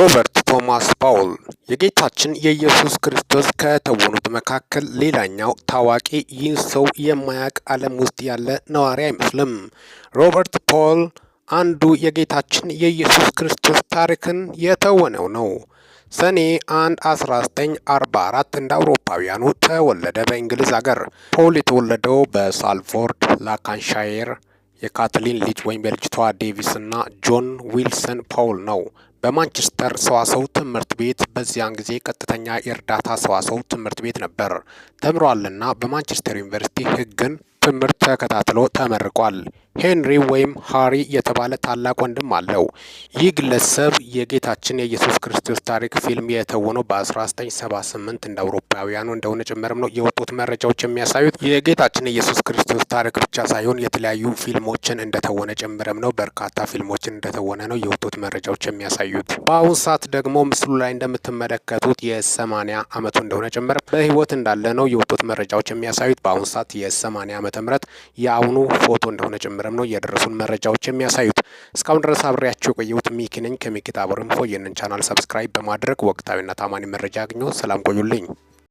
ሮበርት ቶማስ ፓውል የጌታችን የኢየሱስ ክርስቶስ ከተወኑት መካከል ሌላኛው ታዋቂ ይህ ሰው የማያውቅ ዓለም ውስጥ ያለ ነዋሪ አይመስልም። ሮበርት ፓውል አንዱ የጌታችን የኢየሱስ ክርስቶስ ታሪክን የተወነው ነው። ሰኔ 1 1944 እንደ አውሮፓውያኑ ተወለደ በእንግሊዝ አገር። ፖል የተወለደው በሳልፎርድ ላካንሻየር የካትሊን ልጅ ወይም የልጅቷ ዴቪስ እና ጆን ዊልሰን ፓውል ነው። በማንቸስተር ሰዋሰው ትምህርት ቤት በዚያን ጊዜ ቀጥተኛ የእርዳታ ሰዋሰው ትምህርት ቤት ነበር ተምሯልና በማንቸስተር ዩኒቨርሲቲ ህግን ትምህርት ተከታትሎ ተመርቋል። ሄንሪ ወይም ሃሪ የተባለ ታላቅ ወንድም አለው። ይህ ግለሰብ የጌታችን የኢየሱስ ክርስቶስ ታሪክ ፊልም የተወነው በ1978 እንደ አውሮፓውያኑ እንደሆነ ጭምርም ነው የወጡት መረጃዎች የሚያሳዩት። የጌታችን የኢየሱስ ክርስቶስ ታሪክ ብቻ ሳይሆን የተለያዩ ፊልሞችን እንደተወነ ጭምርም ነው። በርካታ ፊልሞችን እንደተወነ ነው የወጡት መረጃዎች የሚያሳዩት። በአሁን ሰዓት ደግሞ ምስሉ ላይ እንደምትመለከቱት የ80 ዓመቱ እንደሆነ ጭምርም በህይወት እንዳለ ነው የወጡት መረጃዎች የሚያሳዩት። በአሁን ሰዓት የ80 የአሁኑ ፎቶ እንደሆነ ጭምርም ነው የደረሱን መረጃዎች የሚያሳዩት። እስካሁን ድረስ አብሬያቸው የቆየሁት ሚኪ ነኝ ከሚኪ ይህንን ቻናል ሰብስክራይብ በማድረግ ወቅታዊና ታማኒ መረጃ አግኘው። ሰላም ቆዩልኝ።